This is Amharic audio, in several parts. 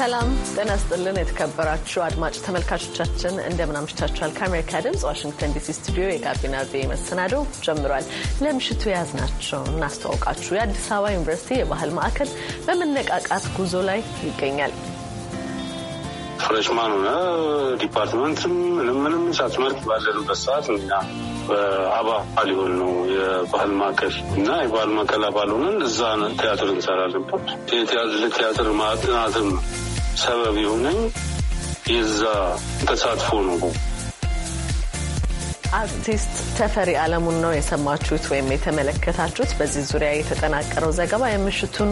ሰላም ጤና ስጥልን። የተከበራችሁ አድማጭ ተመልካቾቻችን እንደምን አምሽታችኋል? ከአሜሪካ ድምጽ ዋሽንግተን ዲሲ ስቱዲዮ የጋቢና ቪ መሰናዶ ጀምሯል። ለምሽቱ የያዝናቸው እናስተዋውቃችሁ። የአዲስ አበባ ዩኒቨርሲቲ የባህል ማዕከል በመነቃቃት ጉዞ ላይ ይገኛል። ፍሬሽማን ሆነ ዲፓርትመንት ምንም ምንም ሳትመርጥ ባለንበት ሰዓት እኛ በአባ ሊሆን ነው የባህል ማዕከል እና የባህል ማዕከል አባል ሆነን እዛ ቲያትር እንሰራለን። ቲያትር ማጥናትም ነው ሰበብ የሆነኝ የዛ ተሳትፎ ነው። አርቲስት ተፈሪ አለሙን ነው የሰማችሁት ወይም የተመለከታችሁት። በዚህ ዙሪያ የተጠናቀረው ዘገባ የምሽቱን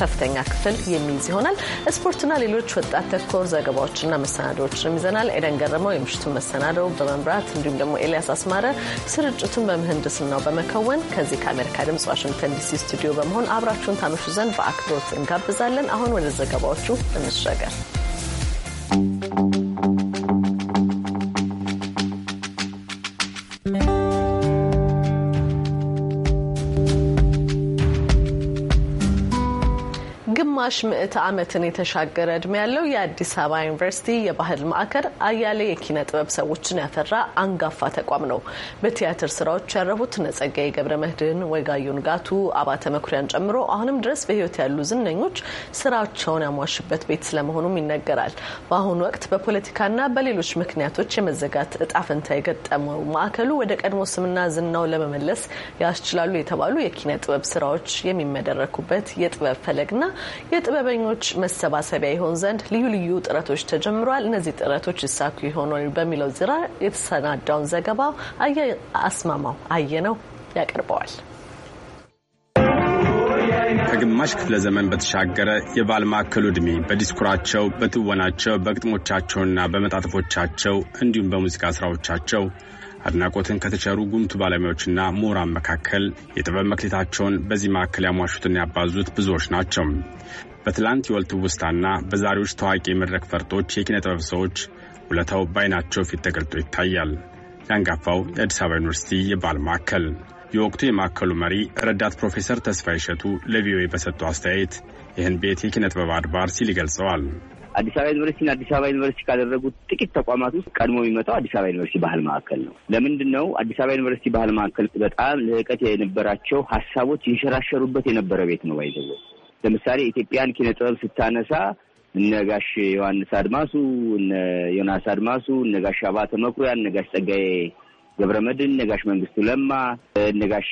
ከፍተኛ ክፍል የሚይዝ ይሆናል። ስፖርትና ሌሎች ወጣት ተኮር ዘገባዎችና መሰናዶዎችንም ይዘናል። ኤደን ገረመው የምሽቱን መሰናደው በመምራት እንዲሁም ደግሞ ኤልያስ አስማረ ስርጭቱን በምህንድስናው በመከወን ከዚህ ከአሜሪካ ድምጽ ዋሽንግተን ዲሲ ስቱዲዮ በመሆን አብራችሁን ታመሹ ዘንድ በአክብሮት እንጋብዛለን። አሁን ወደ ዘገባዎቹ እንሻገር። ግማሽ ምዕተ ዓመትን የተሻገረ እድሜ ያለው የአዲስ አበባ ዩኒቨርሲቲ የባህል ማዕከል አያሌ የኪነ ጥበብ ሰዎችን ያፈራ አንጋፋ ተቋም ነው። በቲያትር ስራዎች ያረፉት ነጸጋዬ ገብረ መድኅን፣ ወጋዩ ንጋቱ፣ አባተ መኩሪያን ጨምሮ አሁንም ድረስ በህይወት ያሉ ዝነኞች ስራቸውን ያሟሽበት ቤት ስለመሆኑም ይነገራል። በአሁኑ ወቅት በፖለቲካና በሌሎች ምክንያቶች የመዘጋት እጣፈንታ የገጠመው ማዕከሉ ወደ ቀድሞ ስምና ዝናው ለመመለስ ያስችላሉ የተባሉ የኪነ ጥበብ ስራዎች የሚመደረኩበት የጥበብ ፈለግና የጥበበኞች መሰባሰቢያ ይሆን ዘንድ ልዩ ልዩ ጥረቶች ተጀምሯል። እነዚህ ጥረቶች ይሳኩ ይሆናል በሚለው ዙሪያ የተሰናዳውን ዘገባ አስማማው አየነው ያቀርበዋል። ከግማሽ ክፍለ ዘመን በተሻገረ የባል ማዕከሉ ዕድሜ በዲስኩራቸው፣ በትወናቸው፣ በግጥሞቻቸውና በመጣጥፎቻቸው እንዲሁም በሙዚቃ ስራዎቻቸው አድናቆትን ከተቸሩ ጉምቱ ባለሙያዎችና ምሁራን መካከል የጥበብ መክሌታቸውን በዚህ ማዕከል ያሟሹትና ያባዙት ብዙዎች ናቸው። በትላንት የወልት ውስታና በዛሬዎች ታዋቂ የመድረክ ፈርጦች የኪነ ጥበብ ሰዎች ውለታው በአይናቸው ፊት ተገልጦ ይታያል። ያንጋፋው የአዲስ አበባ ዩኒቨርሲቲ የባህል ማዕከል የወቅቱ የማዕከሉ መሪ ረዳት ፕሮፌሰር ተስፋ ይሸቱ ለቪኦኤ በሰጡ አስተያየት ይህን ቤት የኪነ ጥበብ አድባር ሲል ይገልጸዋል። አዲስ አበባ ዩኒቨርሲቲን አዲስ አበባ ዩኒቨርሲቲ ካደረጉት ጥቂት ተቋማት ውስጥ ቀድሞ የሚመጣው አዲስ አበባ ዩኒቨርሲቲ ባህል ማዕከል ነው። ለምንድን ነው አዲስ አበባ ዩኒቨርሲቲ ባህል ማዕከል በጣም ልዕቀት የነበራቸው ሀሳቦች ይንሸራሸሩበት የነበረ ቤት ነው። ባይዘው ለምሳሌ ኢትዮጵያን ኪነ ጥበብ ስታነሳ እነ ጋሽ ዮሐንስ አድማሱ፣ እነ ዮናስ አድማሱ፣ እነ ጋሽ አባተ መኩሪያ፣ እነ ጋሽ ጸጋዬ ገብረ መድን፣ እነ ጋሽ መንግስቱ ለማ፣ እነ ጋሽ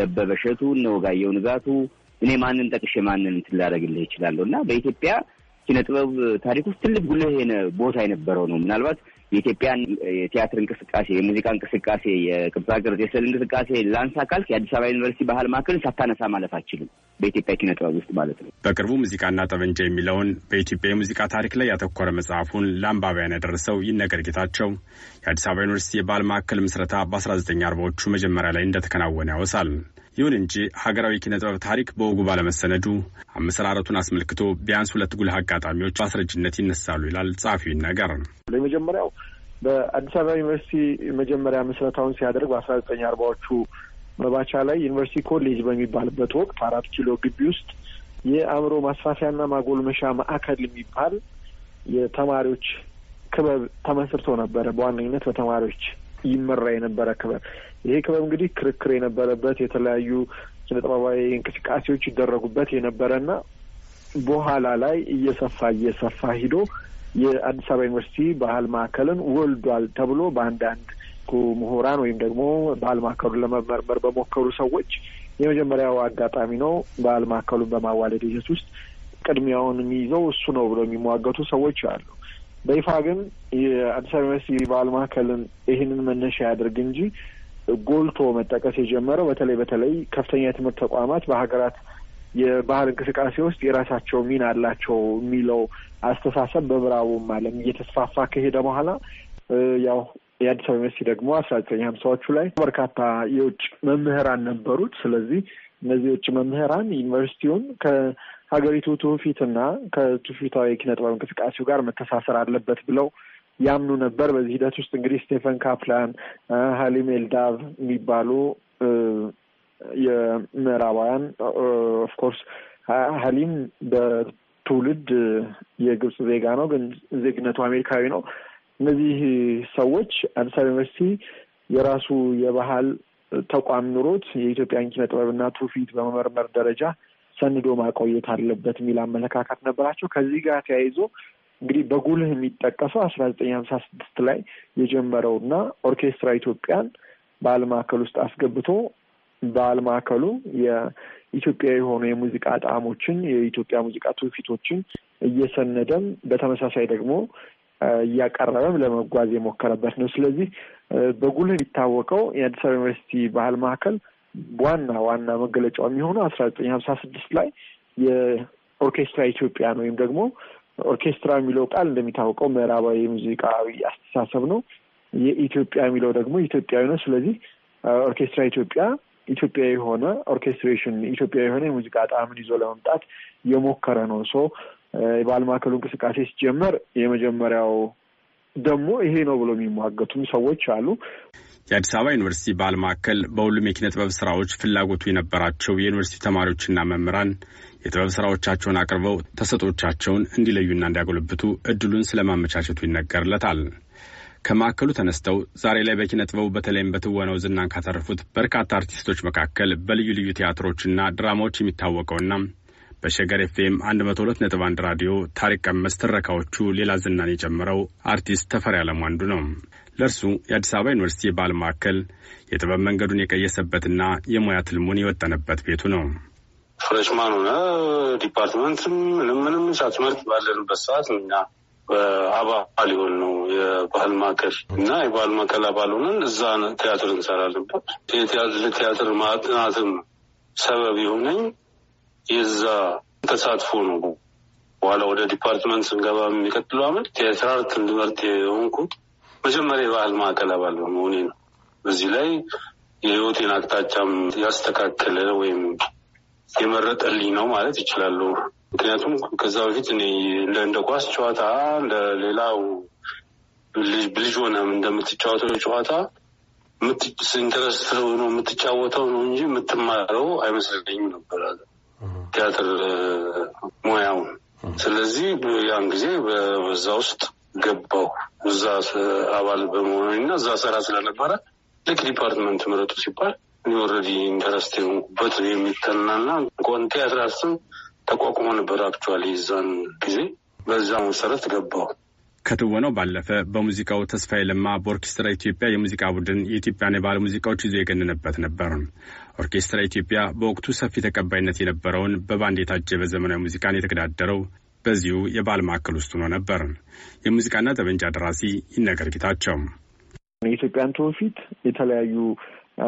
ደበበ እሸቱ፣ እነ ንጋቱ እኔ ማንን ጠቅሼ ማንን እንትን ላደርግልህ ይችላለሁ እና በኢትዮጵያ ኪነ ጥበብ ታሪክ ውስጥ ትልቅ ጉልህ ቦታ የነበረው ነው። ምናልባት የኢትዮጵያን የቲያትር እንቅስቃሴ፣ የሙዚቃ እንቅስቃሴ፣ የቅርጻ ቅርጽ፣ የስዕል እንቅስቃሴ ላንሳ ካልክ የአዲስ አበባ ዩኒቨርሲቲ ባህል ማዕከልን ሳታነሳ ማለፍ አችልም፣ በኢትዮጵያ ኪነ ጥበብ ውስጥ ማለት ነው። በቅርቡ ሙዚቃና ጠበንጃ የሚለውን በኢትዮጵያ የሙዚቃ ታሪክ ላይ ያተኮረ መጽሐፉን ለአንባቢያን ያደረሰው ይነገር ጌታቸው የአዲስ አበባ ዩኒቨርሲቲ የባህል ማዕከል ምስረታ በ1940ዎቹ መጀመሪያ ላይ እንደተከናወነ ያወሳል። ይሁን እንጂ ሀገራዊ ኪነጥበብ ታሪክ በወጉ ባለመሰነዱ አመሰራረቱን አስመልክቶ ቢያንስ ሁለት ጉልህ አጋጣሚዎች በአስረጅነት ይነሳሉ ይላል ጸሐፊው ነገር። የመጀመሪያው በአዲስ አበባ ዩኒቨርሲቲ መጀመሪያ ምስረታውን ሲያደርግ በአስራ ዘጠኝ አርባዎቹ መባቻ ላይ ዩኒቨርሲቲ ኮሌጅ በሚባልበት ወቅት አራት ኪሎ ግቢ ውስጥ የአእምሮ ማስፋፊያና ማጎልመሻ ማዕከል የሚባል የተማሪዎች ክበብ ተመስርቶ ነበረ። በዋነኝነት በተማሪዎች ይመራ የነበረ ክበብ ይሄ ክበብ እንግዲህ ክርክር የነበረበት የተለያዩ ስነ ጥበባዊ እንቅስቃሴዎች ይደረጉበት የነበረና በኋላ ላይ እየሰፋ እየሰፋ ሂዶ የአዲስ አበባ ዩኒቨርሲቲ ባህል ማዕከልን ወልዷል ተብሎ በአንዳንድ ምሁራን ወይም ደግሞ ባህል ማዕከሉን ለመመርመር በሞከሩ ሰዎች የመጀመሪያው አጋጣሚ ነው። ባህል ማዕከሉን በማዋለድ ሂደት ውስጥ ቅድሚያውን የሚይዘው እሱ ነው ብለው የሚሟገቱ ሰዎች አሉ። በይፋ ግን የአዲስ አበባ ዩኒቨርሲቲ ባህል ማዕከልን ይህንን መነሻ ያደርግ እንጂ ጎልቶ መጠቀስ የጀመረው በተለይ በተለይ ከፍተኛ የትምህርት ተቋማት በሀገራት የባህል እንቅስቃሴ ውስጥ የራሳቸው ሚና አላቸው የሚለው አስተሳሰብ በምዕራቡም ዓለም እየተስፋፋ ከሄደ በኋላ ያው የአዲስ አበባ ዩኒቨርሲቲ ደግሞ አስራ ዘጠኝ ሀምሳዎቹ ላይ በርካታ የውጭ መምህራን ነበሩት። ስለዚህ እነዚህ የውጭ መምህራን ዩኒቨርሲቲውን ከሀገሪቱ ትውፊትና ከትውፊታዊ ኪነጥበብ እንቅስቃሴው ጋር መተሳሰር አለበት ብለው ያምኑ ነበር። በዚህ ሂደት ውስጥ እንግዲህ ስቴፈን ካፕላን፣ ሀሊም ኤልዳብ የሚባሉ የምዕራባውያን ኦፍኮርስ ሀሊም በትውልድ የግብፅ ዜጋ ነው፣ ግን ዜግነቱ አሜሪካዊ ነው። እነዚህ ሰዎች አዲስ አበባ ዩኒቨርሲቲ የራሱ የባህል ተቋም ኑሮት የኢትዮጵያን ኪነ ጥበብና ትውፊት በመመርመር ደረጃ ሰንዶ ማቆየት አለበት የሚል አመለካከት ነበራቸው። ከዚህ ጋር ተያይዞ እንግዲህ በጉልህ የሚጠቀሰው አስራ ዘጠኝ ሀምሳ ስድስት ላይ የጀመረው እና ኦርኬስትራ ኢትዮጵያን በዓል ማዕከል ውስጥ አስገብቶ በዓል ማዕከሉ የኢትዮጵያ የሆኑ የሙዚቃ ጣዕሞችን የኢትዮጵያ ሙዚቃ ትውፊቶችን እየሰነደም በተመሳሳይ ደግሞ እያቀረበም ለመጓዝ የሞከረበት ነው። ስለዚህ በጉልህ የሚታወቀው የአዲስ አበባ ዩኒቨርሲቲ ባህል ማዕከል ዋና ዋና መገለጫው የሚሆነው አስራ ዘጠኝ ሀምሳ ስድስት ላይ የኦርኬስትራ ኢትዮጵያን ወይም ደግሞ ኦርኬስትራ የሚለው ቃል እንደሚታወቀው ምዕራባዊ ሙዚቃዊ አስተሳሰብ ነው። የኢትዮጵያ የሚለው ደግሞ ኢትዮጵያዊ ነው። ስለዚህ ኦርኬስትራ ኢትዮጵያ ኢትዮጵያ የሆነ ኦርኬስትሬሽን ኢትዮጵያ የሆነ የሙዚቃ ጣዕምን ይዞ ለመምጣት የሞከረ ነው። ሶ የባህል ማዕከሉ እንቅስቃሴ ሲጀመር የመጀመሪያው ደግሞ ይሄ ነው ብሎ የሚሟገቱም ሰዎች አሉ። የአዲስ አበባ ዩኒቨርሲቲ ባህል ማዕከል በሁሉም የኪነ ጥበብ ስራዎች ፍላጎቱ የነበራቸው የዩኒቨርሲቲ ተማሪዎችና መምህራን የጥበብ ስራዎቻቸውን አቅርበው ተሰጦቻቸውን እንዲለዩና እንዲያጎለብቱ እድሉን ስለማመቻቸቱ ይነገርለታል። ከማዕከሉ ተነስተው ዛሬ ላይ በኪነ ጥበቡ በተለይም በትወነው ዝናን ካተረፉት በርካታ አርቲስቶች መካከል በልዩ ልዩ ቲያትሮችና ድራማዎች የሚታወቀውና በሸገር ኤፍኤም 1 ራዲዮ ታሪክ ቀመስ ትረካዎቹ ሌላ ዝናን የጨመረው አርቲስት ተፈሪ አለሙ አንዱ ነው። ለእርሱ የአዲስ አበባ ዩኒቨርሲቲ የባህል ማዕከል የጥበብ መንገዱን የቀየሰበትና የሙያ ትልሙን የወጠነበት ቤቱ ነው። ፍሬሽማን ሆነ ዲፓርትመንት ምንም ምንም ሳትመርጥ ባለንበት ሰዓት እኛ አባል ሊሆን ነው የባህል ማዕከል እና የባህል ማዕከል አባል ሆነን እዛ ቲያትር እንሰራለን። ቲያትር ማጥናትም ሰበብ የሆነኝ የዛ ተሳትፎ ነው። በኋላ ወደ ዲፓርትመንት ስንገባ የሚቀጥለው አመት ቲያትር አርት እንድመርጥ የሆንኩት መጀመሪያ የባህል ማዕከል አባል በመሆኔ ነው። በዚህ ላይ የህይወቴን አቅጣጫም ያስተካከለ ወይም የመረጠልኝ ነው ማለት ይችላሉ። ምክንያቱም ከዛ በፊት እኔ እንደ ኳስ ጨዋታ እንደ ሌላው ልጅ ሆነ እንደምትጫወተው ጨዋታ ኢንተረስት ነው የምትጫወተው ነው እንጂ የምትማረው አይመስለኝም ነበር ቲያትር ሙያውን። ስለዚህ ያን ጊዜ በዛ ውስጥ ገባሁ። እዛ አባል በመሆኑ እና እዛ ስራ ስለነበረ ልክ ዲፓርትመንት ምረጡ ሲባል እኔ ኦልሬዲ ኢንተረስት የሆንኩበት የሚጠናና እንኳን ቲያትር አርስም ተቋቁሞ ነበር አክቹዋሊ እዛን ጊዜ። በዛ መሰረት ገባሁ። ከትወናው ባለፈ በሙዚቃው ተስፋዬ ለማ በኦርኬስትራ ኢትዮጵያ የሙዚቃ ቡድን የኢትዮጵያን የባህል ሙዚቃዎች ይዞ የገነነበት ነበር። ኦርኬስትራ ኢትዮጵያ በወቅቱ ሰፊ ተቀባይነት የነበረውን በባንድ የታጀበ ዘመናዊ ሙዚቃን የተገዳደረው በዚሁ የባህል ማዕከል ውስጥ ሆኖ ነበር። የሙዚቃና ጠበንጃ ደራሲ ይነገር ጌታቸው የኢትዮጵያን ትውፊት የተለያዩ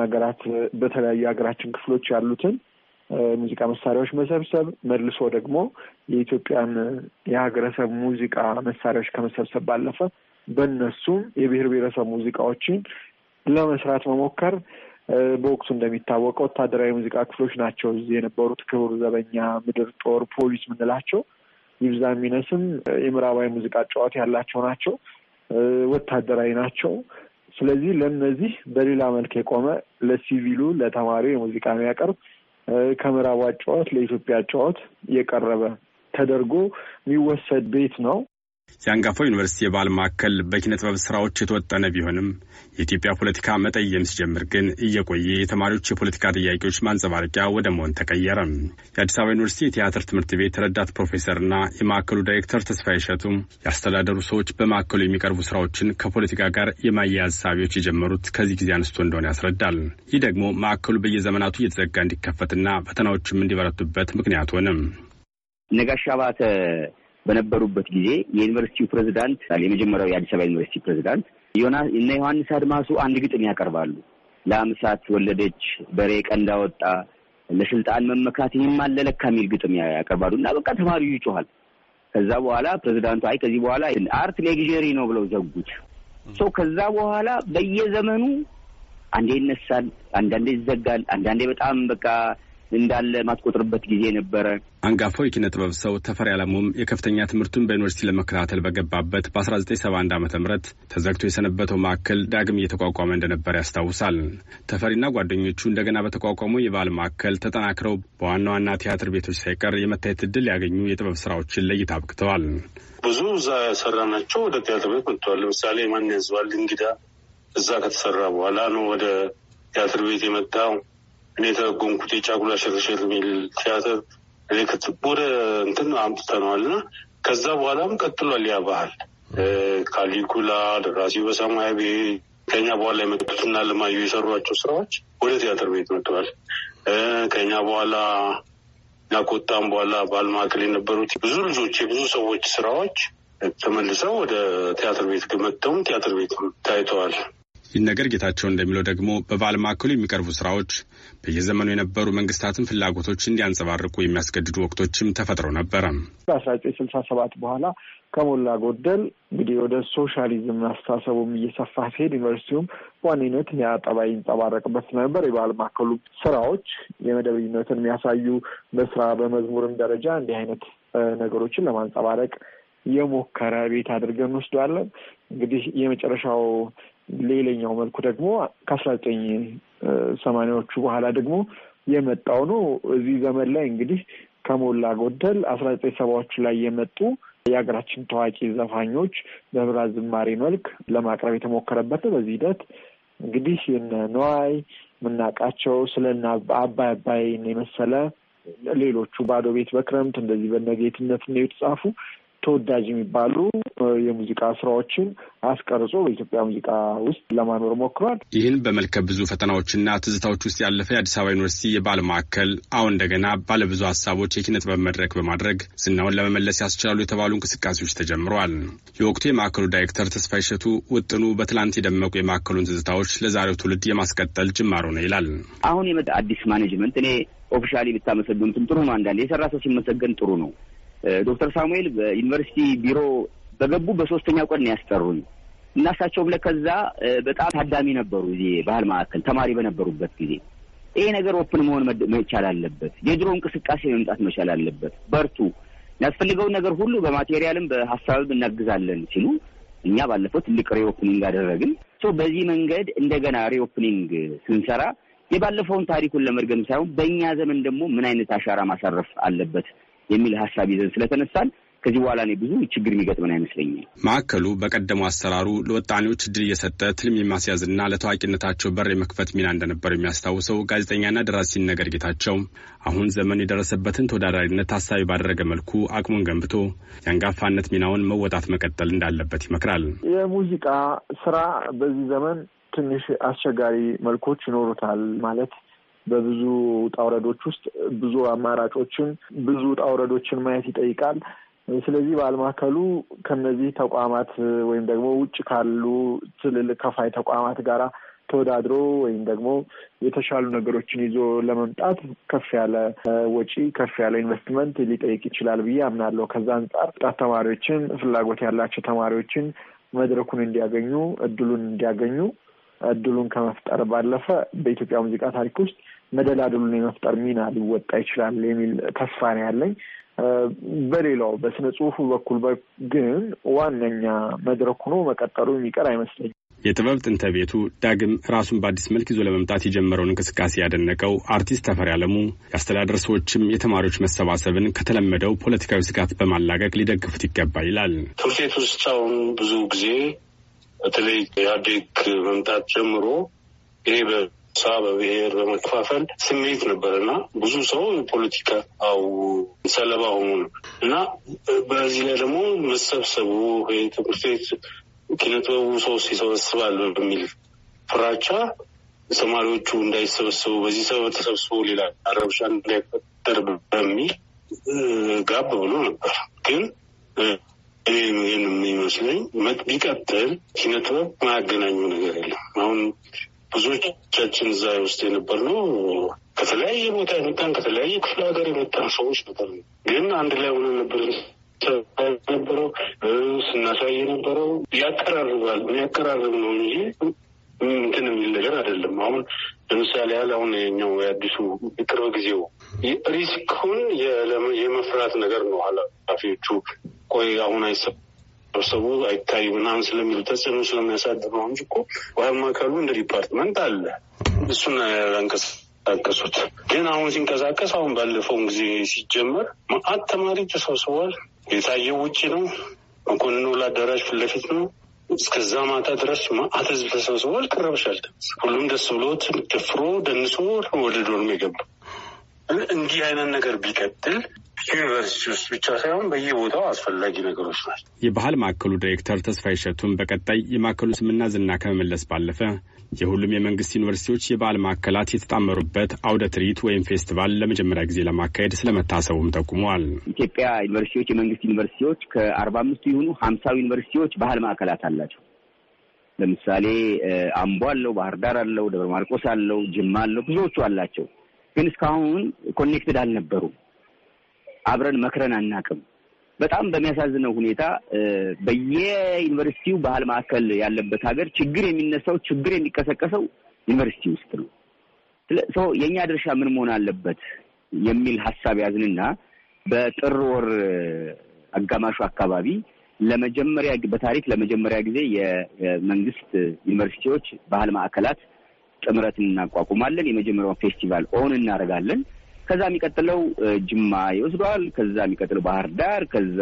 ሀገራት በተለያዩ ሀገራችን ክፍሎች ያሉትን ሙዚቃ መሳሪያዎች መሰብሰብ መልሶ ደግሞ የኢትዮጵያን የሀገረሰብ ሙዚቃ መሳሪያዎች ከመሰብሰብ ባለፈ በእነሱም የብሔር ብሔረሰብ ሙዚቃዎችን ለመስራት መሞከር በወቅቱ እንደሚታወቀው ወታደራዊ ሙዚቃ ክፍሎች ናቸው እዚህ የነበሩት። ክቡር ዘበኛ፣ ምድር ጦር፣ ፖሊስ ምንላቸው ይብዛ የሚነስም የምዕራባዊ ሙዚቃ ጨዋታ ያላቸው ናቸው፣ ወታደራዊ ናቸው። ስለዚህ ለእነዚህ በሌላ መልክ የቆመ ለሲቪሉ ለተማሪው የሙዚቃ የሚያቀርብ ከምዕራቡ ጨዋት ለኢትዮጵያ ጨዋት የቀረበ ተደርጎ የሚወሰድ ቤት ነው። የአንጋፋው ዩኒቨርሲቲ የባህል ማዕከል በኪነ ጥበብ ስራዎች የተወጠነ ቢሆንም የኢትዮጵያ ፖለቲካ መጠየም ሲጀምር ግን እየቆየ የተማሪዎች የፖለቲካ ጥያቄዎች ማንጸባረቂያ ወደ መሆን ተቀየረ። የአዲስ አበባ ዩኒቨርሲቲ የቲያትር ትምህርት ቤት ረዳት ፕሮፌሰርና የማዕከሉ ዳይሬክተር ተስፋ ይሸቱ ያስተዳደሩ ሰዎች በማዕከሉ የሚቀርቡ ስራዎችን ከፖለቲካ ጋር የማያያዝ ሳቢዎች የጀመሩት ከዚህ ጊዜ አንስቶ እንደሆነ ያስረዳል። ይህ ደግሞ ማዕከሉ በየዘመናቱ እየተዘጋ እንዲከፈትና ፈተናዎችም እንዲበረቱበት ምክንያት ሆንም። ነጋሽ አባተ በነበሩበት ጊዜ የዩኒቨርሲቲው ፕሬዚዳንት የመጀመሪያው የአዲስ አበባ ዩኒቨርሲቲ ፕሬዚዳንት እነ ዮሐንስ አድማሱ አንድ ግጥም ያቀርባሉ። ለአምሳት ወለደች በሬ ቀንዳ ወጣ፣ ለስልጣን መመካት ይህም አለለካ የሚል ግጥም ያቀርባሉ እና በቃ ተማሪው ይጮኋል። ከዛ በኋላ ፕሬዚዳንቱ አይ ከዚህ በኋላ አርት ሌግዥሪ ነው ብለው ዘጉት። ሰው ከዛ በኋላ በየዘመኑ አንዴ ይነሳል፣ አንዳንዴ ይዘጋል፣ አንዳንዴ በጣም በቃ እንዳለ ማስቆጥርበት ጊዜ ነበረ። አንጋፋው የኪነ ጥበብ ሰው ተፈሪ አለሙም የከፍተኛ ትምህርቱን በዩኒቨርሲቲ ለመከታተል በገባበት በ1971 ዓ ም ተዘግቶ የሰነበተው ማዕከል ዳግም እየተቋቋመ እንደነበረ ያስታውሳል። ተፈሪና ጓደኞቹ እንደገና በተቋቋመው የባህል ማዕከል ተጠናክረው በዋና ዋና ቲያትር ቤቶች ሳይቀር የመታየት እድል ያገኙ የጥበብ ስራዎችን ለእይታ አብቅተዋል። ብዙ እዛ ናቸው ወደ ቲያትር ቤት መጥተዋል። ለምሳሌ ማን ያዘዋል እንግዳ እዛ ከተሰራ በኋላ ነው ወደ ቲያትር ቤት የመጣው። እኔ የተረጎምኩት የጫጉላ ሽርሽር የሚል ቲያትር ምልክት ወደ እንትን አምጥተነዋል እና ከዛ በኋላም ቀጥሏል። ያ ባህል ካሊኩላ ደራሲ በሰማያዊ ከኛ በኋላ የመጡትና ልማዩ የሰሯቸው ስራዎች ወደ ቲያትር ቤት መጥተዋል። ከኛ በኋላ ናኮጣም በኋላ ባህል ማዕከል የነበሩት ብዙ ልጆች የብዙ ሰዎች ስራዎች ተመልሰው ወደ ቲያትር ቤት መጥተውም ቲያትር ቤት ታይተዋል። ይነገር ጌታቸው እንደሚለው ደግሞ በበዓል የሚቀርቡ ስራዎች በየዘመኑ የነበሩ መንግስታትን ፍላጎቶች እንዲያንጸባርቁ የሚያስገድዱ ወቅቶችም ተፈጥረው ነበረ። በአስራ ዘጠኝ ስልሳ ሰባት በኋላ ከሞላ ጎደል እንግዲህ ወደ ሶሻሊዝም አስተሳሰቡም እየሰፋ ሲሄድ ዩኒቨርሲቲውም በዋነኝነት ያ ጠባይ ይንጸባረቅበት ስለነበር የባህል ስራዎች የመደበኝነትን የሚያሳዩ በስራ በመዝሙርም ደረጃ እንዲህ አይነት ነገሮችን ለማንጸባረቅ የሞከረ ቤት አድርገን እንወስደዋለን። እንግዲህ የመጨረሻው ሌላኛው መልኩ ደግሞ ከአስራ ዘጠኝ በኋላ ደግሞ የመጣው ነው። እዚህ ዘመን ላይ እንግዲህ ከሞላ ጎደል አስራ ዘጠኝ ሰባዎቹ ላይ የመጡ የሀገራችን ታዋቂ ዘፋኞች በህብራት ዝማሬ መልክ ለማቅረብ የተሞከረበት ነው። በዚህ ሂደት እንግዲህ እነ ነዋይ የምናውቃቸው ስለ አባይ አባይን የመሰለ ሌሎቹ ባዶ ቤት በክረምት እንደዚህ በነጌትነት ነው የተጻፉ ተወዳጅ የሚባሉ የሙዚቃ ስራዎችን አስቀርጾ በኢትዮጵያ ሙዚቃ ውስጥ ለማኖር ሞክሯል። ይህን በመልከ ብዙ ፈተናዎችና ትዝታዎች ውስጥ ያለፈ የአዲስ አበባ ዩኒቨርሲቲ የባህል ማዕከል አሁን እንደገና ባለብዙ ሀሳቦች የኪነ ጥበብ መድረክ በማድረግ ዝናውን ለመመለስ ያስችላሉ የተባሉ እንቅስቃሴዎች ተጀምረዋል። የወቅቱ የማዕከሉ ዳይሬክተር ተስፋ ይሸቱ ውጥኑ በትላንት የደመቁ የማዕከሉን ትዝታዎች ለዛሬው ትውልድ የማስቀጠል ጅማሮ ነው ይላል። አሁን የመጣ አዲስ ማኔጅመንት እኔ ኦፊሻሊ ብታመሰግኑትም ጥሩ ነው። አንዳንድ የሰራ ሰው ሲመሰገን ጥሩ ነው። ዶክተር ሳሙኤል በዩኒቨርሲቲ ቢሮ በገቡ በሶስተኛ ቀን ነው ያስጠሩኝ እናሳቸውም ለከዛ በጣም ታዳሚ ነበሩ። እዚህ ባህል ማዕከል ተማሪ በነበሩበት ጊዜ ይሄ ነገር ኦፕን መሆን መቻል አለበት። የድሮ እንቅስቃሴ መምጣት መቻል አለበት። በርቱ፣ የሚያስፈልገውን ነገር ሁሉ በማቴሪያልም በሀሳብም እናግዛለን ሲሉ እኛ ባለፈው ትልቅ ሪኦፕኒንግ አደረግን። በዚህ መንገድ እንደገና ሪኦፕኒንግ ስንሰራ የባለፈውን ታሪኩን ለመድገም ሳይሆን በእኛ ዘመን ደግሞ ምን አይነት አሻራ ማሳረፍ አለበት የሚል ሀሳብ ይዘን ስለተነሳን ከዚህ በኋላ እኔ ብዙ ችግር የሚገጥመን አይመስለኝም። ማዕከሉ በቀደመው አሰራሩ ለወጣኔዎች እድል እየሰጠ ትልም የማስያዝና ለታዋቂነታቸው በር የመክፈት ሚና እንደነበሩ የሚያስታውሰው ጋዜጠኛና ደራሲ ነገር ጌታቸው አሁን ዘመን የደረሰበትን ተወዳዳሪነት ታሳቢ ባደረገ መልኩ አቅሙን ገንብቶ የአንጋፋነት ሚናውን መወጣት መቀጠል እንዳለበት ይመክራል። የሙዚቃ ስራ በዚህ ዘመን ትንሽ አስቸጋሪ መልኮች ይኖሩታል ማለት በብዙ ጣውረዶች ውስጥ ብዙ አማራጮችን ብዙ ጣውረዶችን ማየት ይጠይቃል። ስለዚህ ባለማከሉ ከነዚህ ተቋማት ወይም ደግሞ ውጭ ካሉ ትልልቅ ከፋይ ተቋማት ጋራ ተወዳድሮ ወይም ደግሞ የተሻሉ ነገሮችን ይዞ ለመምጣት ከፍ ያለ ወጪ ከፍ ያለ ኢንቨስትመንት ሊጠይቅ ይችላል ብዬ አምናለሁ። ከዛ አንጻር ወጣት ተማሪዎችን፣ ፍላጎት ያላቸው ተማሪዎችን መድረኩን እንዲያገኙ እድሉን እንዲያገኙ እድሉን ከመፍጠር ባለፈ በኢትዮጵያ ሙዚቃ ታሪክ ውስጥ መደላድሉን የመፍጠር ሚና ሊወጣ ይችላል የሚል ተስፋ ነው ያለኝ። በሌላው በስነ ጽሁፉ በኩል ግን ዋነኛ መድረክ ሆኖ መቀጠሉ የሚቀር አይመስለኝም። የጥበብ ጥንተ ቤቱ ዳግም ራሱን በአዲስ መልክ ይዞ ለመምጣት የጀመረውን እንቅስቃሴ ያደነቀው አርቲስት ተፈሪ አለሙ የአስተዳደር ሰዎችም የተማሪዎች መሰባሰብን ከተለመደው ፖለቲካዊ ስጋት በማላቀቅ ሊደግፉት ይገባል ይላል። ትምህርት ቤት ውስጥ አሁን ብዙ ጊዜ በተለይ ኢህአዴግ መምጣት ጀምሮ ይሄ ስራ በብሔር በመከፋፈል ስሜት ነበር እና ብዙ ሰው የፖለቲካ አው ሰለባ ሆኑ ነው እና በዚህ ላይ ደግሞ መሰብሰቡ ትምህርት ቤት ኪነጥበቡ ሰው ሲሰበስባል በሚል ፍራቻ ተማሪዎቹ እንዳይሰበሰቡ በዚህ ሰበብ ተሰብስቦ ሌላ አረብሻ እንዳይፈጠር በሚል ጋብ ብሎ ነበር። ግን ይህን የሚመስለኝ ቢቀጥል ኪነጥበብ ማያገናኙ ነገር የለም አሁን ብዙዎቻችን እዛ ውስጥ የነበር ነው። ከተለያየ ቦታ የመጣን ከተለያየ ክፍለ ሀገር የመጣን ሰዎች ነበር። ግን አንድ ላይ ሆነ ነበር ነበረው ስናሳይ የነበረው ያቀራርባል የሚያቀራርብ ነው እንጂ እንትን የሚል ነገር አይደለም። አሁን ለምሳሌ ያህል አሁን የኛው የአዲሱ የቅርብ ጊዜው ሪስኩን የመፍራት ነገር ነው ኃላፊዎቹ ቆይ አሁን አይሰ ሰው አይታይ ምናምን ስለሚሉ ተጽዕኖ ስለሚያሳድር እንጂ እኮ ዋህማ አካሉ እንደ ዲፓርትመንት አለ። እሱና ያላንቀሳቀሱት ግን አሁን ሲንቀሳቀስ አሁን ባለፈውን ጊዜ ሲጀመር ማአት ተማሪ ተሰብስቧል። የታየው ውጭ ነው። መኮንን ወላ አዳራሽ ፊት ለፊት ነው። እስከዛ ማታ ድረስ ማአት ህዝብ ተሰብስቧል። ቅረብሻል። ሁሉም ደስ ብሎት ደፍሮ ደንሶ ወደ ዶርም የገባ እንዲህ አይነት ነገር ቢቀጥል ዩኒቨርሲቲ ውስጥ ብቻ ሳይሆን በየቦታው አስፈላጊ ነገሮች ናቸው። የባህል ማዕከሉ ዳይሬክተር ተስፋ ሸቱን በቀጣይ የማዕከሉ ስምና ዝና ከመመለስ ባለፈ የሁሉም የመንግስት ዩኒቨርሲቲዎች የባህል ማዕከላት የተጣመሩበት አውደ ትርኢት ወይም ፌስቲቫል ለመጀመሪያ ጊዜ ለማካሄድ ስለመታሰቡም ጠቁመዋል። ኢትዮጵያ ዩኒቨርሲቲዎች የመንግስት ዩኒቨርሲቲዎች ከአርባ አምስቱ የሆኑ ሀምሳው ዩኒቨርሲቲዎች ባህል ማዕከላት አላቸው። ለምሳሌ አምቦ አለው፣ ባህር ዳር አለው፣ ደብረ ማርቆስ አለው፣ ጅማ አለው፣ ብዙዎቹ አላቸው። ግን እስካሁን ኮኔክትድ አልነበሩም። አብረን መክረን አናቅም። በጣም በሚያሳዝነው ሁኔታ በየዩኒቨርሲቲው ባህል ማዕከል ያለበት ሀገር ችግር የሚነሳው ችግር የሚቀሰቀሰው ዩኒቨርሲቲ ውስጥ ነው። የእኛ ድርሻ ምን መሆን አለበት የሚል ሀሳብ ያዝንና በጥር ወር አጋማሹ አካባቢ ለመጀመሪያ በታሪክ ለመጀመሪያ ጊዜ የመንግስት ዩኒቨርሲቲዎች ባህል ማዕከላት ጥምረት እናቋቁማለን። የመጀመሪያውን ፌስቲቫል ኦን እናደርጋለን። ከዛ የሚቀጥለው ጅማ ይወስደዋል። ከዛ የሚቀጥለው ባህር ዳር፣ ከዛ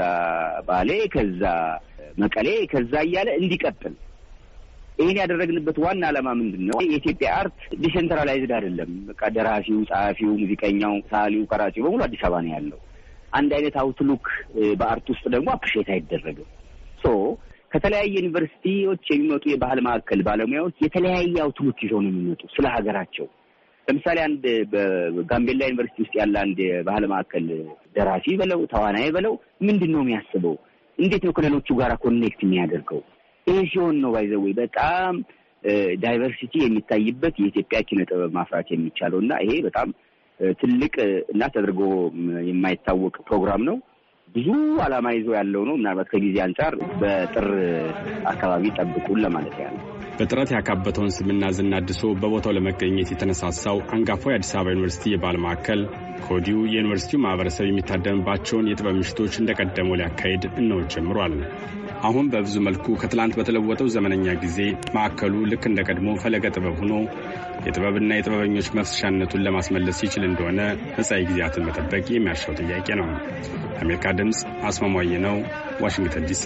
ባሌ፣ ከዛ መቀሌ፣ ከዛ እያለ እንዲቀጥል ይህን ያደረግንበት ዋና ዓላማ ምንድን ነው? የኢትዮጵያ አርት ዲሴንትራላይዝድ አይደለም። በቃ ደራሲው፣ ጸሐፊው፣ ሙዚቀኛው፣ ሳሊው፣ ቀራጺው በሙሉ አዲስ አበባ ነው ያለው። አንድ አይነት አውትሉክ በአርት ውስጥ ደግሞ አፕሬት አይደረግም። ሶ ከተለያየ ዩኒቨርሲቲዎች የሚመጡ የባህል ማዕከል ባለሙያዎች የተለያየ አውትቡክ ይዘው ነው የሚመጡ ስለ ሀገራቸው። ለምሳሌ አንድ በጋምቤላ ዩኒቨርሲቲ ውስጥ ያለ አንድ የባህል ማዕከል ደራሲ በለው ተዋናይ በለው ምንድን ነው የሚያስበው? እንዴት ነው ከሌሎቹ ጋር ኮኔክት የሚያደርገው? ይህ ሲሆን ነው ባይዘወይ በጣም ዳይቨርሲቲ የሚታይበት የኢትዮጵያ ኪነ ጥበብ ማፍራት የሚቻለው እና ይሄ በጣም ትልቅ እና ተደርጎ የማይታወቅ ፕሮግራም ነው። ብዙ አላማ ይዞ ያለው ነው። ምናልባት ከጊዜ አንጻር በጥር አካባቢ ጠብቁን ለማለት ያለ በጥረት ያካበተውን ስምና ዝና አድሶ በቦታው ለመገኘት የተነሳሳው አንጋፋው የአዲስ አበባ ዩኒቨርሲቲ የባህል ማዕከል ከወዲሁ የዩኒቨርሲቲው ማህበረሰብ የሚታደምባቸውን የጥበብ ምሽቶች እንደቀደመው ሊያካሄድ እነሆ ጀምሯል። አሁን በብዙ መልኩ ከትላንት በተለወጠው ዘመነኛ ጊዜ ማዕከሉ ልክ እንደ ቀድሞ ፈለገ ጥበብ ሆኖ የጥበብና የጥበበኞች መፍሰሻነቱን ለማስመለስ ይችል እንደሆነ መጻኢ ጊዜያትን መጠበቅ የሚያሻው ጥያቄ ነው። የአሜሪካ ድምፅ አስማማዬ ነው፣ ዋሽንግተን ዲሲ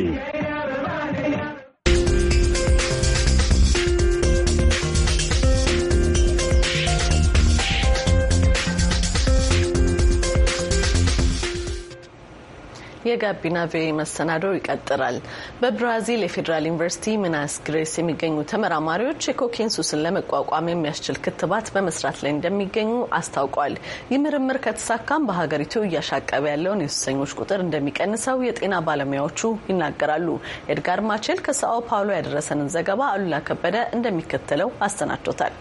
የጋቢና ቪ መሰናዶ ይቀጥላል። በብራዚል የፌዴራል ዩኒቨርሲቲ ሚናስ ግሬስ የሚገኙ ተመራማሪዎች የኮኬን ሱስን ለመቋቋም የሚያስችል ክትባት በመስራት ላይ እንደሚገኙ አስታውቋል። ይህ ምርምር ከተሳካም በሀገሪቱ እያሻቀበ ያለውን የሱሰኞች ቁጥር እንደሚቀንሰው የጤና ባለሙያዎቹ ይናገራሉ። ኤድጋር ማቼል ከሳኦ ፓውሎ ያደረሰንን ዘገባ አሉላ ከበደ እንደሚከተለው አሰናድቶታል።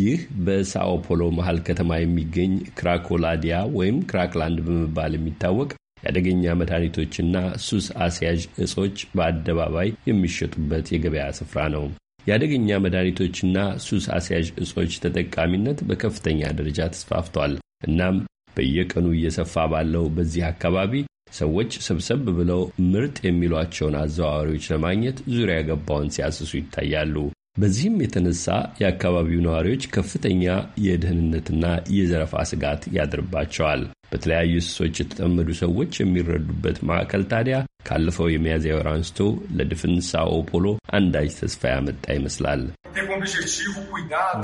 ይህ በሳኦ ፖሎ መሀል ከተማ የሚገኝ ክራኮላዲያ ወይም ክራክላንድ በመባል የሚታወቅ የአደገኛ መድኃኒቶችና ሱስ አስያዥ እጾች በአደባባይ የሚሸጡበት የገበያ ስፍራ ነው። የአደገኛ መድኃኒቶችና ሱስ አስያዥ እጾች ተጠቃሚነት በከፍተኛ ደረጃ ተስፋፍቷል። እናም በየቀኑ እየሰፋ ባለው በዚህ አካባቢ ሰዎች ሰብሰብ ብለው ምርጥ የሚሏቸውን አዘዋዋሪዎች ለማግኘት ዙሪያ ገባውን ሲያስሱ ይታያሉ። በዚህም የተነሳ የአካባቢው ነዋሪዎች ከፍተኛ የደህንነትና የዘረፋ ስጋት ያድርባቸዋል። በተለያዩ ስሶች የተጠመዱ ሰዎች የሚረዱበት ማዕከል ታዲያ ካለፈው የሚያዝያ ወር አንስቶ ለድፍን ሳኦ ፖሎ አንዳች ተስፋ ያመጣ ይመስላል።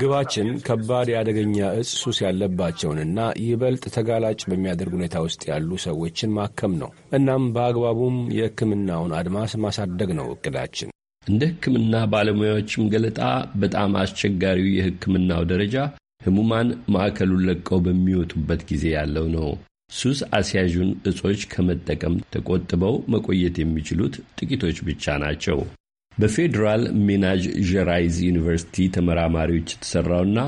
ግባችን ከባድ የአደገኛ እጽ ሱስ ያለባቸውንና ይበልጥ ተጋላጭ በሚያደርግ ሁኔታ ውስጥ ያሉ ሰዎችን ማከም ነው። እናም በአግባቡም የሕክምናውን አድማስ ማሳደግ ነው እቅዳችን። እንደ ሕክምና ባለሙያዎችም ገለጣ በጣም አስቸጋሪው የሕክምናው ደረጃ ህሙማን ማዕከሉን ለቀው በሚወጡበት ጊዜ ያለው ነው። ሱስ አስያዡን እጾች ከመጠቀም ተቆጥበው መቆየት የሚችሉት ጥቂቶች ብቻ ናቸው። በፌዴራል ሚናጅ ዠራይዝ ዩኒቨርሲቲ ተመራማሪዎች የተሠራውና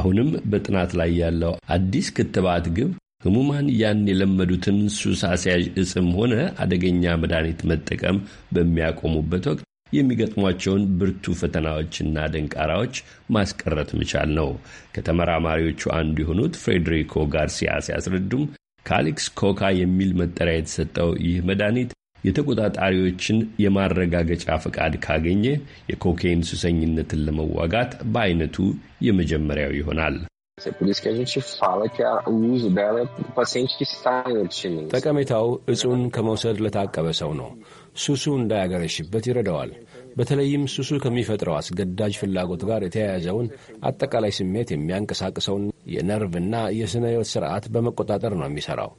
አሁንም በጥናት ላይ ያለው አዲስ ክትባት ግብ ህሙማን ያን የለመዱትን ሱስ አስያዥ እጽም ሆነ አደገኛ መድኃኒት መጠቀም በሚያቆሙበት ወቅት የሚገጥሟቸውን ብርቱ ፈተናዎችና ደንቃራዎች ማስቀረት መቻል ነው። ከተመራማሪዎቹ አንዱ የሆኑት ፍሬድሪኮ ጋርሲያ ሲያስረዱም ከአሌክስ ኮካ የሚል መጠሪያ የተሰጠው ይህ መድኃኒት የተቆጣጣሪዎችን የማረጋገጫ ፈቃድ ካገኘ የኮኬይን ሱሰኝነትን ለመዋጋት በአይነቱ የመጀመሪያው ይሆናል። ጠቀሜታው እጹን ከመውሰድ ለታቀበ ሰው ነው። ሱሱ እንዳያገረሽበት ይረዳዋል። በተለይም ሱሱ ከሚፈጥረው አስገዳጅ ፍላጎት ጋር የተያያዘውን አጠቃላይ ስሜት የሚያንቀሳቅሰውን የነርቭና የሥነ ሕይወት ሥርዓት በመቆጣጠር ነው የሚሠራው።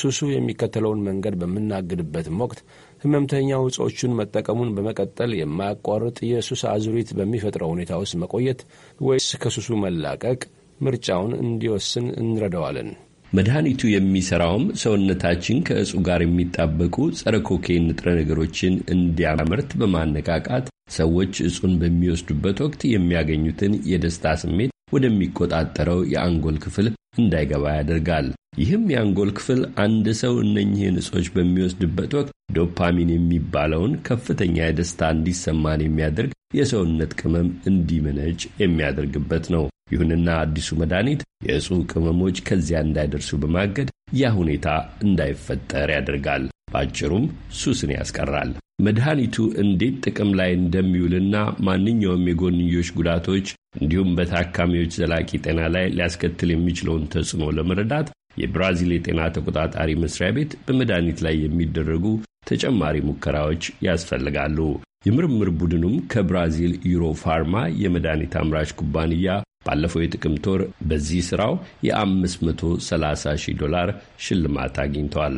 ሱሱ የሚከተለውን መንገድ በምናግድበትም ወቅት ህመምተኛ ዕጾቹን መጠቀሙን በመቀጠል የማያቋርጥ የሱስ አዙሪት በሚፈጥረው ሁኔታ ውስጥ መቆየት ወይስ ከሱሱ መላቀቅ ምርጫውን እንዲወስን እንረዳዋለን። መድኃኒቱ የሚሰራውም ሰውነታችን ከእጹ ጋር የሚጣበቁ ጸረ ኮኬን ንጥረ ነገሮችን እንዲያመርት በማነቃቃት ሰዎች እጹን በሚወስዱበት ወቅት የሚያገኙትን የደስታ ስሜት ወደሚቆጣጠረው የአንጎል ክፍል እንዳይገባ ያደርጋል። ይህም የአንጎል ክፍል አንድ ሰው እነኚህን እጾች በሚወስድበት ወቅት ዶፓሚን የሚባለውን ከፍተኛ የደስታ እንዲሰማን የሚያደርግ የሰውነት ቅመም እንዲመነጭ የሚያደርግበት ነው። ይሁንና አዲሱ መድኃኒት የእጹ ቅመሞች ከዚያ እንዳይደርሱ በማገድ ያ ሁኔታ እንዳይፈጠር ያደርጋል። በአጭሩም ሱስን ያስቀራል። መድኃኒቱ እንዴት ጥቅም ላይ እንደሚውልና ማንኛውም የጎንዮሽ ጉዳቶች እንዲሁም በታካሚዎች ዘላቂ ጤና ላይ ሊያስከትል የሚችለውን ተጽዕኖ ለመረዳት የብራዚል የጤና ተቆጣጣሪ መስሪያ ቤት በመድኃኒት ላይ የሚደረጉ ተጨማሪ ሙከራዎች ያስፈልጋሉ። የምርምር ቡድኑም ከብራዚል ዩሮፋርማ የመድኃኒት አምራች ኩባንያ ባለፈው የጥቅምት ወር በዚህ ስራው የ530 ሺህ ዶላር ሽልማት አግኝተዋል።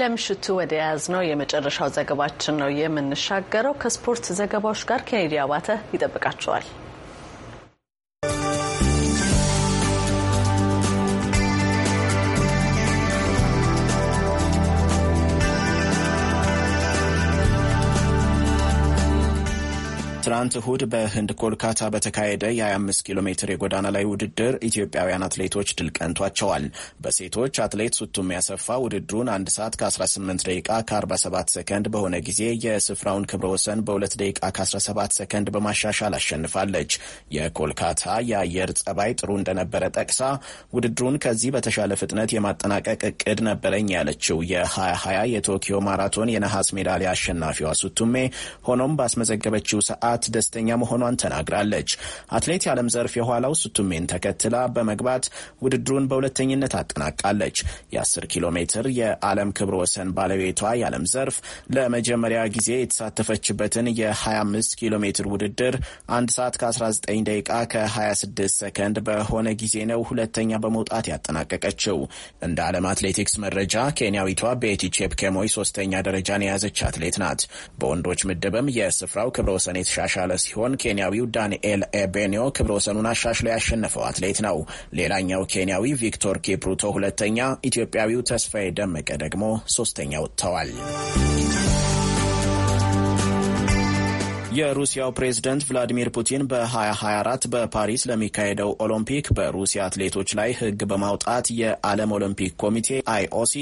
ለምሽቱ ወደ ያዝ ነው የመጨረሻው ዘገባችን ነው የምንሻገረው። ከስፖርት ዘገባዎች ጋር ኬኔዲ አባተ ይጠብቃቸዋል። ትናንት እሁድ በህንድ ኮልካታ በተካሄደ የ25 ኪሎ ሜትር የጎዳና ላይ ውድድር ኢትዮጵያውያን አትሌቶች ድል ቀንቷቸዋል። በሴቶች አትሌት ሱቱሜ ያሰፋ ውድድሩን አንድ ሰዓት ከ18 ደቂቃ ከ47 ሰከንድ በሆነ ጊዜ የስፍራውን ክብረ ወሰን በ2 ደቂቃ ከ17 ሰከንድ በማሻሻል አሸንፋለች። የኮልካታ የአየር ጸባይ ጥሩ እንደነበረ ጠቅሳ ውድድሩን ከዚህ በተሻለ ፍጥነት የማጠናቀቅ እቅድ ነበረኝ ያለችው የ2020 የቶኪዮ ማራቶን የነሐስ ሜዳሊያ አሸናፊዋ ሱቱሜ ሆኖም ባስመዘገበችው ሰዓት በመግባት ደስተኛ መሆኗን ተናግራለች። አትሌት የዓለም ዘርፍ የኋላው ስቱሜን ተከትላ በመግባት ውድድሩን በሁለተኝነት አጠናቃለች። የ10 ኪሎ ሜትር የዓለም ክብረ ወሰን ባለቤቷ የዓለም ዘርፍ ለመጀመሪያ ጊዜ የተሳተፈችበትን የ25 ኪሎ ሜትር ውድድር 1 ሰዓት ከ19 ደቂቃ ከ26 ሰከንድ በሆነ ጊዜ ነው ሁለተኛ በመውጣት ያጠናቀቀችው። እንደ ዓለም አትሌቲክስ መረጃ ኬንያዊቷ ቤቲ ቼፕ ኬሞይ ሶስተኛ ደረጃን የያዘች አትሌት ናት። በወንዶች ምድብም የስፍራው ክብረ ወሰን የተሻሻ ያሻሻለ ሲሆን ኬንያዊው ዳንኤል ኤቤኒዮ ክብረ ወሰኑን አሻሽሎ ያሸነፈው አትሌት ነው። ሌላኛው ኬንያዊ ቪክቶር ኬፕሩቶ ሁለተኛ፣ ኢትዮጵያዊው ተስፋዬ ደመቀ ደግሞ ሶስተኛ ወጥተዋል። የሩሲያው ፕሬዝደንት ቭላዲሚር ፑቲን በ2024 በፓሪስ ለሚካሄደው ኦሎምፒክ በሩሲያ አትሌቶች ላይ ሕግ በማውጣት የዓለም ኦሎምፒክ ኮሚቴ አይኦሲ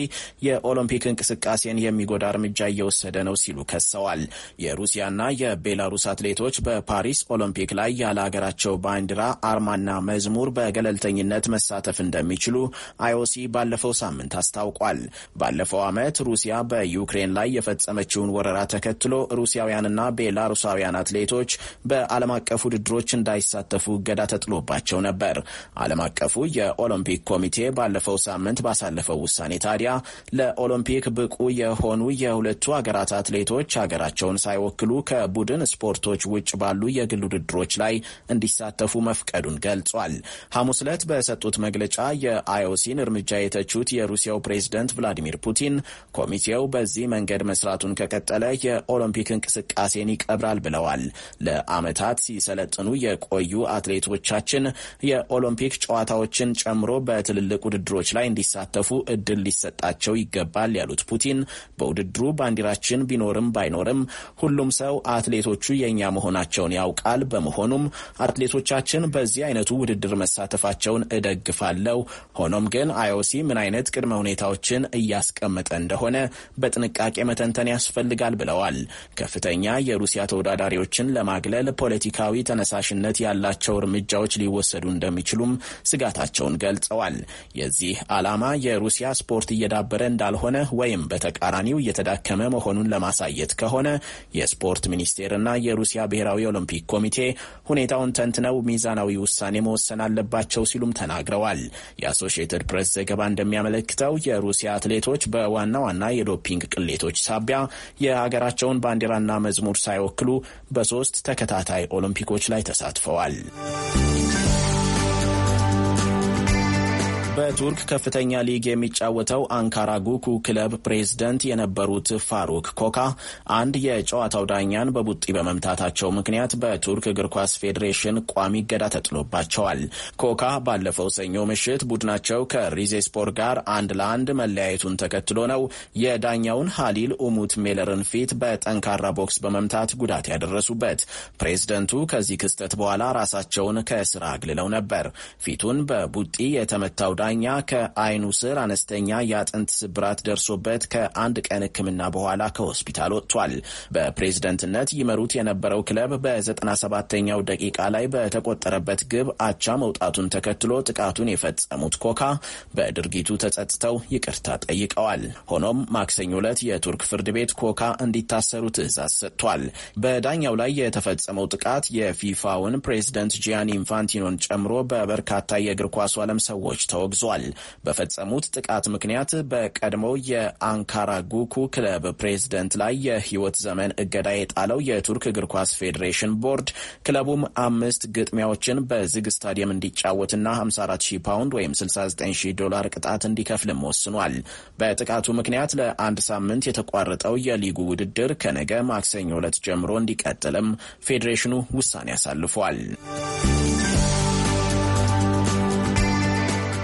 የኦሎምፒክ እንቅስቃሴን የሚጎዳ እርምጃ እየወሰደ ነው ሲሉ ከሰዋል። የሩሲያና የቤላሩስ አትሌቶች በፓሪስ ኦሎምፒክ ላይ ያለ ሀገራቸው ባንዲራ አርማና መዝሙር በገለልተኝነት መሳተፍ እንደሚችሉ አይኦሲ ባለፈው ሳምንት አስታውቋል። ባለፈው ዓመት ሩሲያ በዩክሬን ላይ የፈጸመችውን ወረራ ተከትሎ ሩሲያውያንና ቤላሩሳ ኢትዮጵያውያን አትሌቶች በዓለም አቀፍ ውድድሮች እንዳይሳተፉ እገዳ ተጥሎባቸው ነበር። ዓለም አቀፉ የኦሎምፒክ ኮሚቴ ባለፈው ሳምንት ባሳለፈው ውሳኔ ታዲያ ለኦሎምፒክ ብቁ የሆኑ የሁለቱ አገራት አትሌቶች ሀገራቸውን ሳይወክሉ ከቡድን ስፖርቶች ውጭ ባሉ የግል ውድድሮች ላይ እንዲሳተፉ መፍቀዱን ገልጿል። ሐሙስ ዕለት በሰጡት መግለጫ የአይኦሲን እርምጃ የተቹት የሩሲያው ፕሬዝደንት ቭላዲሚር ፑቲን ኮሚቴው በዚህ መንገድ መስራቱን ከቀጠለ የኦሎምፒክ እንቅስቃሴን ይቀብራል ብለዋል። ለአመታት ሲሰለጥኑ የቆዩ አትሌቶቻችን የኦሎምፒክ ጨዋታዎችን ጨምሮ በትልልቅ ውድድሮች ላይ እንዲሳተፉ እድል ሊሰጣቸው ይገባል ያሉት ፑቲን በውድድሩ ባንዲራችን ቢኖርም ባይኖርም ሁሉም ሰው አትሌቶቹ የእኛ መሆናቸውን ያውቃል። በመሆኑም አትሌቶቻችን በዚህ አይነቱ ውድድር መሳተፋቸውን እደግፋለሁ። ሆኖም ግን አይኦሲ ምን አይነት ቅድመ ሁኔታዎችን እያስቀመጠ እንደሆነ በጥንቃቄ መተንተን ያስፈልጋል ብለዋል። ከፍተኛ የሩሲያ ተወዳ ተወዳዳሪዎችን ለማግለል ፖለቲካዊ ተነሳሽነት ያላቸው እርምጃዎች ሊወሰዱ እንደሚችሉም ስጋታቸውን ገልጸዋል። የዚህ ዓላማ የሩሲያ ስፖርት እየዳበረ እንዳልሆነ ወይም በተቃራኒው እየተዳከመ መሆኑን ለማሳየት ከሆነ የስፖርት ሚኒስቴርና የሩሲያ ብሔራዊ ኦሎምፒክ ኮሚቴ ሁኔታውን ተንትነው ሚዛናዊ ውሳኔ መወሰን አለባቸው ሲሉም ተናግረዋል። የአሶሺየትድ ፕሬስ ዘገባ እንደሚያመለክተው የሩሲያ አትሌቶች በዋና ዋና የዶፒንግ ቅሌቶች ሳቢያ የሀገራቸውን ባንዲራና መዝሙር ሳይወክሉ በሶስት ተከታታይ ኦሎምፒኮች ላይ ተሳትፈዋል። በቱርክ ከፍተኛ ሊግ የሚጫወተው አንካራ ጉኩ ክለብ ፕሬዝደንት የነበሩት ፋሩክ ኮካ አንድ የጨዋታው ዳኛን በቡጢ በመምታታቸው ምክንያት በቱርክ እግር ኳስ ፌዴሬሽን ቋሚ እገዳ ተጥሎባቸዋል። ኮካ ባለፈው ሰኞ ምሽት ቡድናቸው ከሪዜስፖር ጋር አንድ ለአንድ መለያየቱን ተከትሎ ነው የዳኛውን ሀሊል ኡሙት ሜለርን ፊት በጠንካራ ቦክስ በመምታት ጉዳት ያደረሱበት። ፕሬዝደንቱ ከዚህ ክስተት በኋላ ራሳቸውን ከስራ አግልለው ነበር። ፊቱን በቡጢ የተመታው ዳኛ ከአይኑ ስር አነስተኛ የአጥንት ስብራት ደርሶበት ከአንድ ቀን ሕክምና በኋላ ከሆስፒታል ወጥቷል። በፕሬዝደንትነት ይመሩት የነበረው ክለብ በ97ኛው ደቂቃ ላይ በተቆጠረበት ግብ አቻ መውጣቱን ተከትሎ ጥቃቱን የፈጸሙት ኮካ በድርጊቱ ተጸጽተው ይቅርታ ጠይቀዋል። ሆኖም ማክሰኞ ዕለት የቱርክ ፍርድ ቤት ኮካ እንዲታሰሩ ትዕዛዝ ሰጥቷል። በዳኛው ላይ የተፈጸመው ጥቃት የፊፋውን ፕሬዝደንት ጂያን ኢንፋንቲኖን ጨምሮ በበርካታ የእግር ኳሱ ዓለም ሰዎች ተወ ተወግዟል። በፈጸሙት ጥቃት ምክንያት በቀድሞው የአንካራ ጉኩ ክለብ ፕሬዝደንት ላይ የህይወት ዘመን እገዳ የጣለው የቱርክ እግር ኳስ ፌዴሬሽን ቦርድ ክለቡም አምስት ግጥሚያዎችን በዝግ ስታዲየም እንዲጫወትና 540 ፓውንድ ወይም 690 ዶላር ቅጣት እንዲከፍልም ወስኗል። በጥቃቱ ምክንያት ለአንድ ሳምንት የተቋረጠው የሊጉ ውድድር ከነገ ማክሰኞ ዕለት ጀምሮ እንዲቀጥልም ፌዴሬሽኑ ውሳኔ አሳልፏል።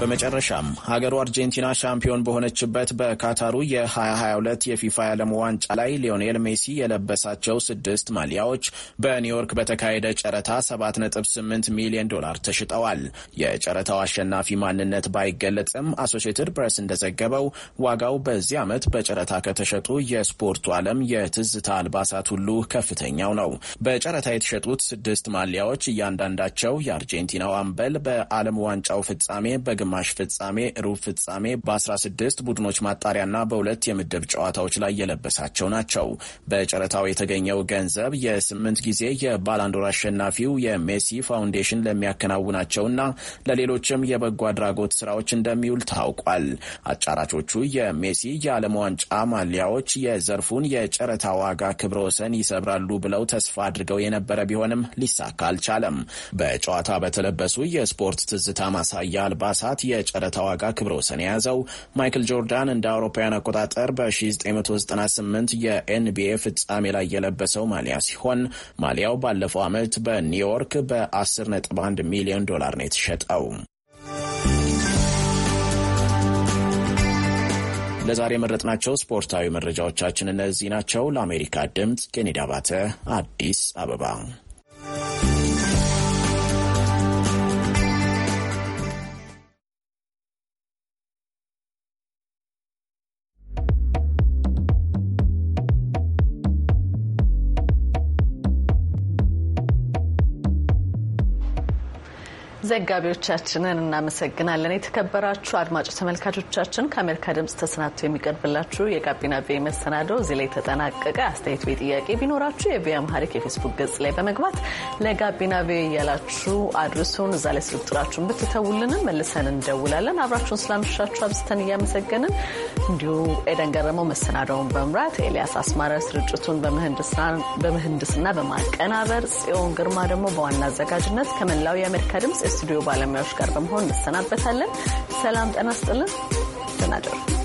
በመጨረሻም ሀገሩ አርጀንቲና ሻምፒዮን በሆነችበት በካታሩ የ2022 የፊፋ የዓለም ዋንጫ ላይ ሊዮኔል ሜሲ የለበሳቸው ስድስት ማሊያዎች በኒውዮርክ በተካሄደ ጨረታ 7.8 ሚሊዮን ዶላር ተሽጠዋል። የጨረታው አሸናፊ ማንነት ባይገለጽም አሶሽትድ ፕሬስ እንደዘገበው ዋጋው በዚህ ዓመት በጨረታ ከተሸጡ የስፖርቱ ዓለም የትዝታ አልባሳት ሁሉ ከፍተኛው ነው። በጨረታ የተሸጡት ስድስት ማሊያዎች እያንዳንዳቸው የአርጀንቲናው አምበል በዓለም ዋንጫው ፍጻሜ በግ ግማሽ ፍጻሜ፣ ሩብ ፍጻሜ፣ በ16 ቡድኖች ማጣሪያና በሁለት የምድብ ጨዋታዎች ላይ የለበሳቸው ናቸው። በጨረታው የተገኘው ገንዘብ የስምንት ጊዜ የባላንዶር አሸናፊው የሜሲ ፋውንዴሽን ለሚያከናውናቸውና ለሌሎችም የበጎ አድራጎት ስራዎች እንደሚውል ታውቋል። አጫራቾቹ የሜሲ የዓለም ዋንጫ ማሊያዎች የዘርፉን የጨረታ ዋጋ ክብረ ወሰን ይሰብራሉ ብለው ተስፋ አድርገው የነበረ ቢሆንም ሊሳካ አልቻለም። በጨዋታ በተለበሱ የስፖርት ትዝታ ማሳያ አልባሳት ሰዓት የጨረታ ዋጋ ክብረ ወሰን የያዘው ማይክል ጆርዳን እንደ አውሮፓውያን አቆጣጠር በ1998 የኤንቢኤ ፍጻሜ ላይ የለበሰው ማሊያ ሲሆን ማሊያው ባለፈው ዓመት በኒውዮርክ በ10.1 ሚሊዮን ዶላር ነው የተሸጠው። ለዛሬ የመረጥናቸው ስፖርታዊ መረጃዎቻችን እነዚህ ናቸው። ለአሜሪካ ድምፅ ኬኔዲ አባተ አዲስ አበባ ዘጋቢዎቻችንን እናመሰግናለን። የተከበራችሁ አድማጭ ተመልካቾቻችን ከአሜሪካ ድምጽ ተሰናድቶ የሚቀርብላችሁ የጋቢና ቪ መሰናደው እዚህ ላይ ተጠናቀቀ። አስተያየት ወይ ጥያቄ ቢኖራችሁ የቪ አምሃሪክ የፌስቡክ ገጽ ላይ በመግባት ለጋቢና ቪ እያላችሁ አድርሱን። እዛ ላይ ስልክ ቁጥራችሁን ብትተውልንም መልሰን እንደውላለን። አብራችሁን ስላመሻችሁ አብዝተን እያመሰገንን እንዲሁ ኤደን ገረመው መሰናደውን በመምራት ኤልያስ አስማረ ስርጭቱን በምህንድስና በማቀናበር ጽዮን ግርማ ደግሞ በዋና አዘጋጅነት ከመላው የአሜሪካ ድምጽ ከስቱዲዮ ባለሙያዎች ጋር በመሆን እንሰናበታለን። ሰላም ጤና ይስጥልን።